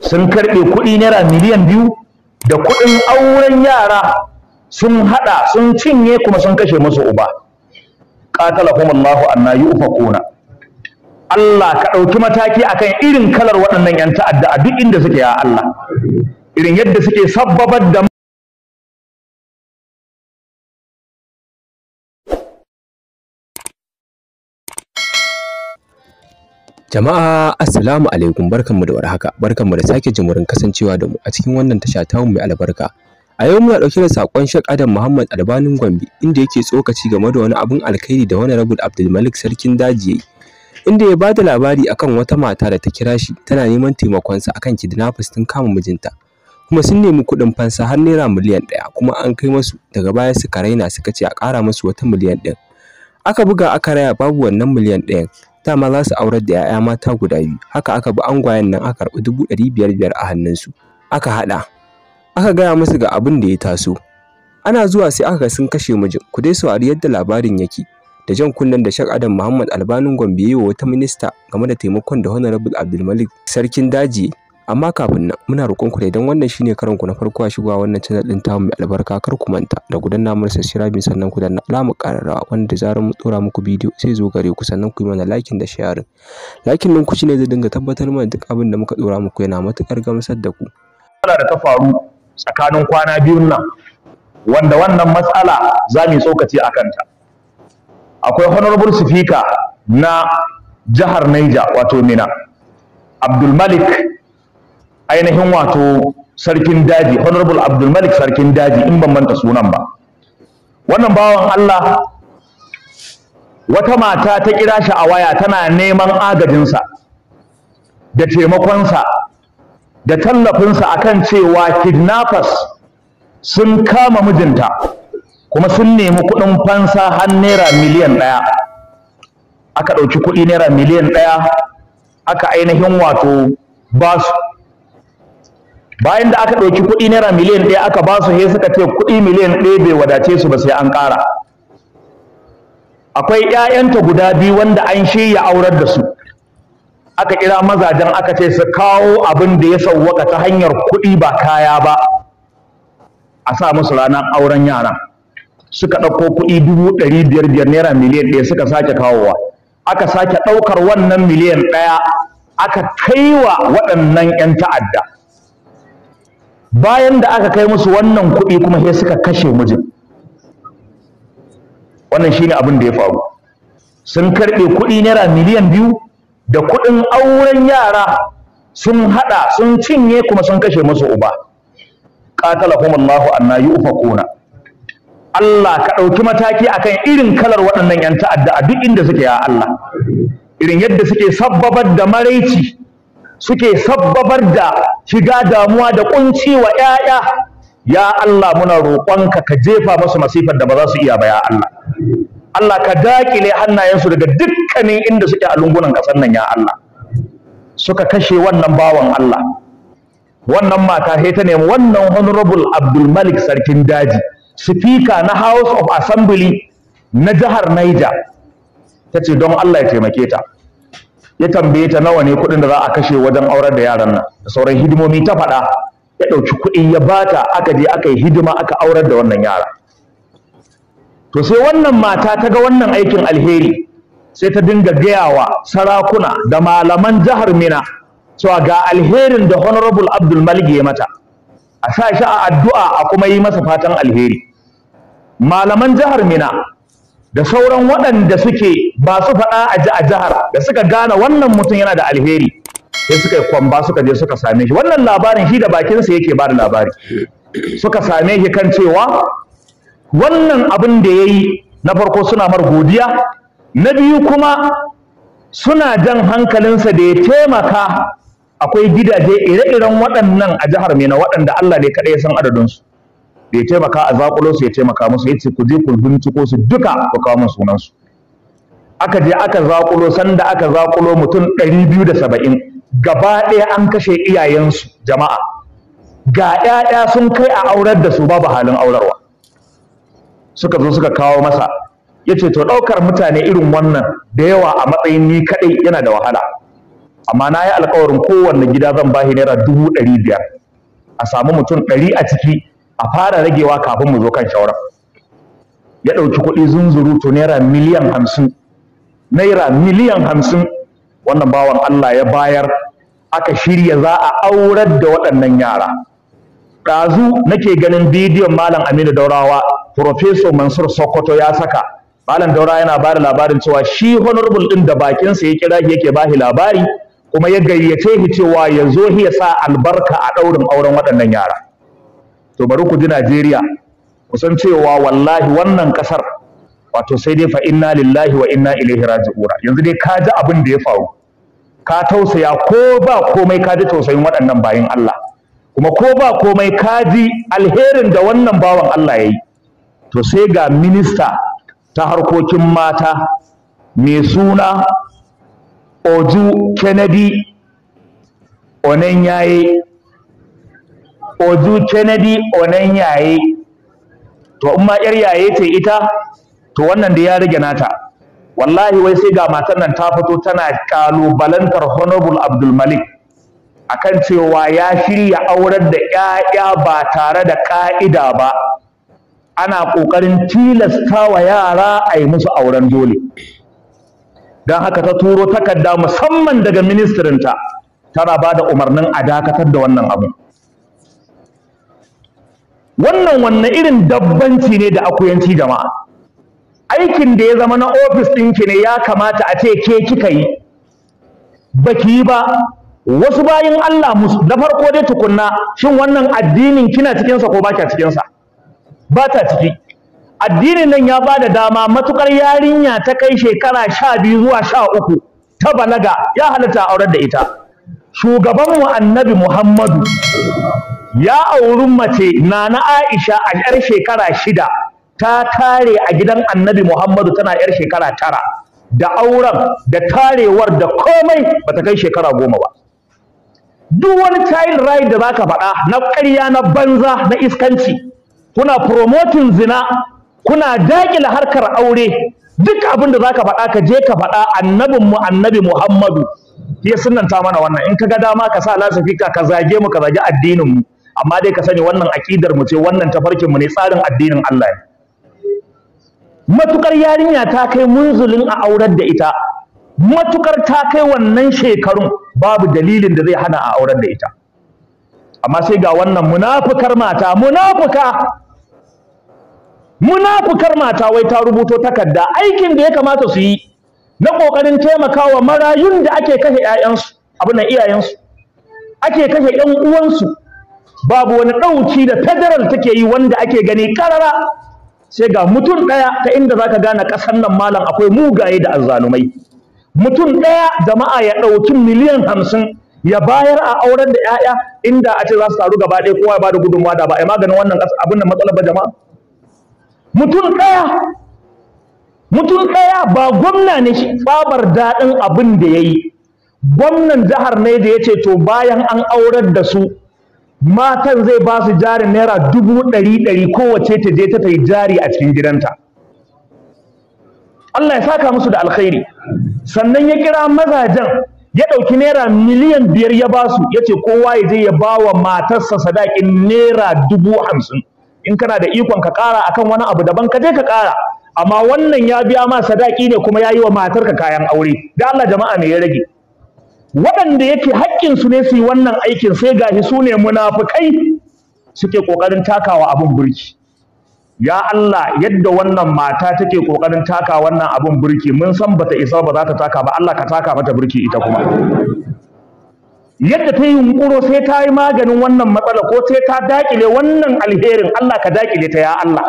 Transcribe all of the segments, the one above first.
sun karɓe kuɗi naira miliyan biyu da kuɗin auren yara sun haɗa sun cinye kuma sun kashe musu uba kuma Allah anna yi ufa kona. Allah ka ɗauki mataki akan irin kalar waɗannan 'yan ta'adda a duk inda suke ya Allah irin yadda suke sabbabar da Jama'a assalamu alaikum barkanmu da warhaka barkanmu da sake jimurin kasancewa da mu a cikin wannan tasha ta mu mai albarka. A yau muna dauke da sakon Sheikh Adam Muhammad Albanin Gombe inda yake tsokaci game da wani abin alkhairi da wani rabul Abdulmalik sarkin daji yayi. Inda ya bada labari akan wata mata da ta kira shi tana neman taimakonsa akan kidnappers tun kama mijinta. Kuma sun nemi kuɗin fansa har naira miliyan ɗaya kuma an kai masu daga baya suka raina suka ce a ƙara masu wata miliyan ɗin. Aka buga aka raya babu wannan miliyan ɗayan dama za su aurar da 'ya'ya mata guda biyu haka aka bi angwayen nan aka karɓi dubu ɗari biyar biyar a hannunsu aka haɗa aka gaya musu ga abin da ya taso ana zuwa sai aka sun kashe mijin ku dai saurari yadda labarin yake da jan kunnen da shak Adam Muhammad Albanin Gombe yi wa wata minista game da taimakon da Honorable Abdulmalik Sarkin Daji amma kafin nan muna roƙon ku da idan wannan shine karanku ku na farko a shigowa wannan channel din tamu mai albarka kar ku manta da ku danna mana subscribe sannan ku danna alamar ƙararrawa wanda da zarar mu tsora muku bidiyo sai zo gare ku sannan ku yi mana liking da share liking din ku shine zai dinga tabbatar mana duk abin da muka tsora muku yana matuƙar gamsar da ku matsala da ta faru tsakanin kwana biyun nan wanda wannan matsala za mu tsokaci a kanta akwai honorable speaker na jihar Niger wato Mina Abdul Malik ainihin wato sarkin daji honorable abdulmalik sarkin daji in ban manta sunan ba wannan bawan allah wata mata ta kira shi a waya tana neman agajinsa da taimakonsa da tallafinsa akan cewa kidnappers sun kama mijinta kuma sun nemi kuɗin fansa har naira miliyan ɗaya aka ɗauki kuɗi naira miliyan ɗaya aka ainihin wato ba bayan da aka ɗauki kuɗi naira miliyan ɗaya aka ba su sai suka ce kuɗi miliyan ɗaya bai wadace su ba sai an ƙara akwai ƴaƴanta guda biyu wanda an shirya aurar da su aka kira mazajen aka ce su kawo abin da ya sauwaka ta hanyar kuɗi ba kaya ba a sa musu ranar auren yara suka ɗauko kuɗi dubu ɗari biyar biyar naira miliyan ɗaya suka sake kawowa aka sake ɗaukar wannan miliyan ɗaya aka kai wa waɗannan 'yan ta'adda bayan da aka kai musu wannan kuɗi kuma sai suka kashe mijin wannan shine abin da ya faru sun karɓe kuɗi naira miliyan biyu da kuɗin auren yara sun haɗa sun cinye kuma sun kashe musu uba qatalahum Allahu anna yufakuna Allah ka ɗauki mataki akan irin kalar waɗannan 'yan ta'adda a duk inda suke ya Allah irin yadda suke sabbabar da maraici suke sabbabar da shiga damuwa da kunci wa ƴaƴa ya Allah muna roƙonka ka jefa musu masifar da ba za su iya ba ya Allah Allah ka dakile hannayensu daga dukkanin inda suke a lungunan ƙasar nan ya Allah suka kashe wannan bawan Allah wannan mata sai ta nemi wannan honorable Abdul Malik sarkin daji speaker na House of Assembly na jihar Niger tace don Allah ya taimake ta ya tambaye ta nawa ne kuɗin da za a kashe wajen aurar da yaran nan da sauran hidimomi ta faɗa ya ɗauki kuɗi ya bata aka je aka yi hidima aka aurar da wannan yara to sai wannan mata ta ga wannan aikin alheri sai ta dinga gayawa sarakuna da malaman jihar Mina cewa ga alherin da Honorable Abdul Malik ya mata a sa shi a addu'a a kuma yi masa fatan alheri malaman jihar Mina da sauran waɗanda suke ba su faɗa a ji a jihar da suka gane wannan mutum yana da alheri sai suka kwamba suka je suka same shi wannan labarin shi da bakinsa yake ba da labari suka same shi kan cewa wannan abin da ya yi na farko suna mar godiya na biyu kuma suna jan hankalinsa da ya taimaka akwai gidaje ire-iren waɗannan a jihar Mina waɗanda Allah ne kaɗai ya san adadinsu da taimaka a zakulo su ya taimaka musu yace ku je ku binciko su duka ku kawo musu sunan su aka je aka zakulo sanda aka zakulo mutum 270 gaba ɗaya an kashe iyayensu jama'a ga ƴaƴa sun kai a aurar da su babu halin aurarwa suka zo suka kawo masa yace to ɗaukar mutane irin wannan da yawa a matsayin ni kadai yana da wahala amma na yi alkawarin kowanne gida zan bahi naira dubu ɗari biyar a samu mutum ɗari a ciki a fara ragewa kafin mu zo kan shawara ya ɗauki kuɗi to naira miliyan hamsin naira miliyan hamsin wannan bawan Allah ya bayar aka shirya za a aurar da waɗannan yara ɗazu nake ganin bidiyon malam aminu daurawa professor mansur sokoto ya saka malam daura yana ba da labarin cewa shi honorable ɗin da bakinsa ya kira yake ba shi labari kuma ya gayyace shi cewa ya zo ya sa albarka a ɗaurin auren waɗannan yara to bari ku ji Najeriya ku san cewa wallahi wannan kasar wato sai dai fa inna lillahi wa inna ilaihi raji'un yanzu dai ka ji abin da ya faru ka tausaya ko ba komai ka ji tausayin waɗannan bayin Allah kuma ko ba komai ka ji alherin da wannan bawan Allah ya yi to sai ga minista ta harkokin mata mai suna Oju Kennedy Onenyaye ozu Kennedy onan yaye to in ma yar yaye ce ita to wannan da ya rage nata wallahi wai sai ga matan nan ta fito tana kalubalantar honorable Abdul Malik akan cewa ya shirya aurar da 'ya'ya ba tare da ka'ida ba ana ƙoƙarin tilasta wa yara a musu auren dole don haka ta turo takarda musamman daga ministirinta tana ba da umarnin a dakatar da wannan abu. wannan wannan irin dabbanci ne da akuyanci jama'a aikin da ya zama na ofis ɗinki ne ya kamata a ce ke kika yi baki yi ba wasu bayan Allah musu da farko dai tukunna shin wannan addinin kina cikin sa ko ba kya cikin sa ba ta ciki addinin nan ya ba da dama matukar yarinya ta kai shekara sha biyu zuwa sha uku ta balaga ya halatta aurar da ita shugabanmu annabi Muhammadu ya auri mace nana Aisha a yar shekara shida ta tare a gidan annabi Muhammadu tana yar shekara tara da auren da tarewar da komai ba ta kai shekara goma ba duk wani child right da zaka faɗa na ƙarya na banza na iskanci kuna promoting zina kuna daƙila harkar aure duk abin da zaka faɗa ka je ka faɗa annabinmu annabi Muhammadu shi ya sunanta mana wannan in kaga dama ka sa lasifika ka zage mu ka zage addinin mu amma dai ka sani wannan akidar mu ce wannan tafarkin mu ne tsarin addinin Allah ne matukar yarinya ta kai munzulin a aurar da ita matukar ta kai wannan shekarun babu dalilin da zai hana a aurar da ita amma sai ga wannan munafukar mata munafuka munafukar mata wai ta rubuto takarda aikin da ya kamata su yi na ƙoƙarin taimakawa marayun da ake kashe ‘ya'yansu abin iyayensu ake kashe ‘yan uwansu babu wani ɗauki da federal take yi wanda ake gani ƙarara sai ga mutum ɗaya ta inda za ka gane ƙasar nan malam akwai mugaye da azzalumai mutum ɗaya jama'a ya ɗauki miliyan hamsin ya bayar a auren da ‘ya'ya inda a ce za su taru gaba ɗaya kowa ya ba da gudunmawa da ba a maganin wannan abin da matsalar ba jama'a mutum ɗaya mutum ɗaya ba gwamna ne shi tsabar daɗin abin da ya yi gwamnan jihar ne da ya ce to bayan an aurar da su matan zai ba su jari naira dubu ɗari ɗari kowace ta je ta yi jari a cikin gidanta Allah ya saka musu da alkhairi sannan ya kira mazajen ya ɗauki naira miliyan biyar ya ba su ya ce kowa ya je ya ba wa matarsa sadakin naira dubu hamsin in kana da ikon ka ƙara akan wani abu daban ka je ka ƙara amma wannan ya biya ma sadaki ne kuma ya yi wa matarka kayan aure da Allah jama'a ne ya rage waɗanda yake haƙƙin su ne su yi wannan aikin sai gashi su ne munafukai suke ƙoƙarin takawa abin burki ya Allah yadda wannan mata take ƙoƙarin taka wannan abin burki mun san bata isa ba za ta taka ba Allah ka taka mata burki ita kuma yadda ta yi hunkuro sai ta yi maganin wannan matsala ko sai ta daƙile wannan alherin Allah ka daƙile ta ya Allah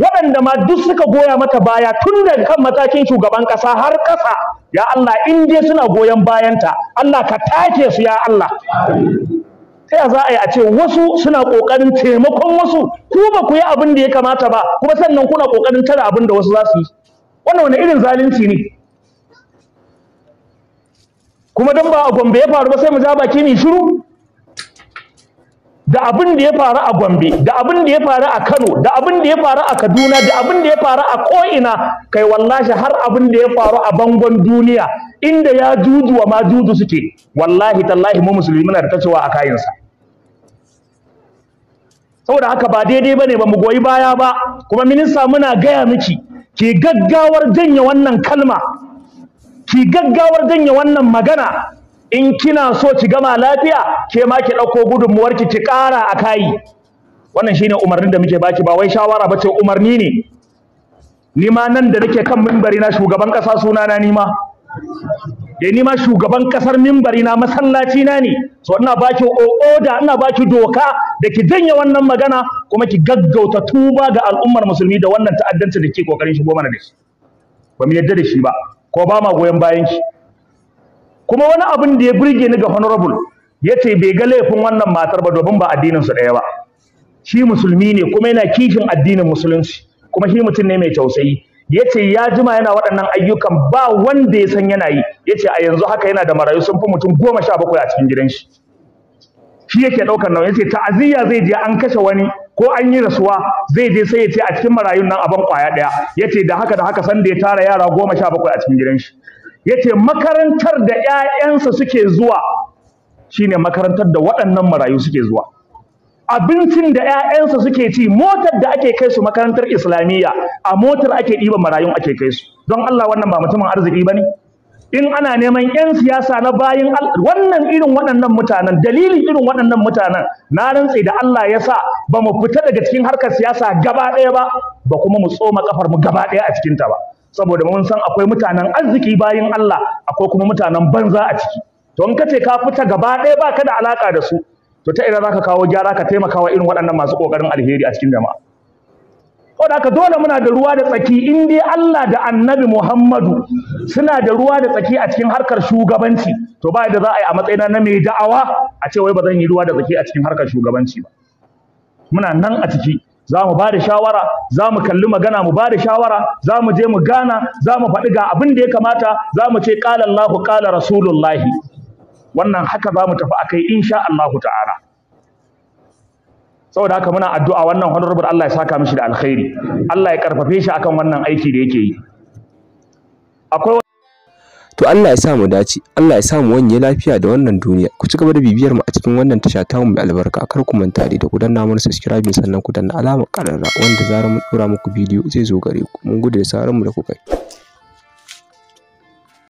waɗanda ma duk suka goya mata baya tun daga kan matakin shugaban ƙasa har ƙasa ya Allah in dai suna goyon bayanta Allah ka take su ya Allah ta za a yi a ce wasu suna ƙoƙarin taimakon wasu ku ba ku yi abin da ya kamata ba kuma sannan kuna ƙoƙarin tara abin da wasu za su yi wannan wani irin zalunci ne kuma don ba a gombe ya faru ba sai mu ja baki ne shiru da abin da ya faru a Gombe da abin da ya faru a Kano da abin da ya faru a Kaduna da abin da ya faru a ko'ina kai wallahi har abin da ya faru a bangon duniya inda ya juju wa ma juju suke wallahi tallahi mu musulmi muna da tacewa a kayansa saboda haka ba daidai bane ba mu goyi baya ba kuma minista muna gaya miki ki gaggawar janye wannan kalma ki gaggawar janye wannan magana in kina so ki gama lafiya ke ma ki dauko gudunmuwar ki ki kara a kayi wannan shine umarnin da muke baki ba wai shawara bace umarni ne ni ma nan da nake kan minbari na shugaban ƙasa sunana ni ma dai eh, ni ma shugaban kasar minbari na masallaci na ne so ina baki oda ina baki doka da ki janye wannan magana kuma ki gaggauta tuba ga al'ummar musulmi da wannan ta'addanci da ke kokarin shigo mana da shi ba mu yadda da shi ba ko ba ma goyon bayan ki kuma wani abin da ya burge ni ga honorable ya ce bai ga laifin wannan matar ba domin ba addinin su ɗaya ba shi musulmi ne kuma yana kishin addinin musulunci kuma shi mutum ne mai tausayi ya ce ya jima yana waɗannan ayyukan ba wanda ya san yana yi ya ce a yanzu haka yana da marayu sun fi mutum goma sha bakwai a cikin gidan shi shi yake ɗaukar nauyi ya ce ta'aziyya zai je an kashe wani ko an yi rasuwa zai je sai ya ce a cikin marayun nan aban kwaya ɗaya ya ce da haka da haka san da ya tara yara goma sha bakwai a cikin gidan shi yace makarantar da ƴaƴansa suke zuwa shine makarantar da waɗannan marayu suke zuwa abincin da ƴaƴansa suke ci motar da ake kai su makarantar islamiyya a motar ake diba marayun ake kai su don Allah wannan ba mutumin arziki bane in ana neman ƴan siyasa na bayin wannan irin waɗannan mutanen dalilin irin waɗannan mutanen na rantse da Allah ya sa ba mu fita daga cikin harkar siyasa gaba ɗaya ba ba kuma mu tsoma ƙafar mu gaba ɗaya a cikinta ba saboda mun san akwai mutanen arziki bayan Allah akwai kuma mutanen banza a ciki to in kace ka fita gaba ɗaya baka da alaka da su to ta ina zaka kawo gyara ka taimaka wa irin waɗannan masu kokarin alheri a cikin jama'a da haka dole muna da ruwa da tsaki in dai Allah da Annabi Muhammadu suna da ruwa da tsaki a cikin harkar shugabanci to ba da za a yi a matsayina na mai da'awa a ce wai ba zan yi ruwa da tsaki a cikin harkar shugabanci ba muna nan a ciki za mu ba da shawara za mu kalli magana mu ba da shawara za mu je mu gana za mu faɗi ga abin da ya kamata za mu ce ƙala Allahu ƙala Rasulullahi wannan haka za mu tafi akai insha Allahu ta'ala saboda haka muna addu'a wannan honorable Allah ya saka mishi da alkhairi Allah ya karfafe shi akan wannan aiki da yake yi akwai To Allah ya sa mu dace, Allah ya sa mu wanye lafiya da wannan duniya. Ku ci gaba da bibiyar mu a cikin wannan tasha ta mu mai albarka. Kar ku manta da ku danna mana subscribe sannan ku danna alamar ƙararra wanda zarar mun dora muku bidiyo zai zo gare ku. Mun gode da sauran mu da kuka yi.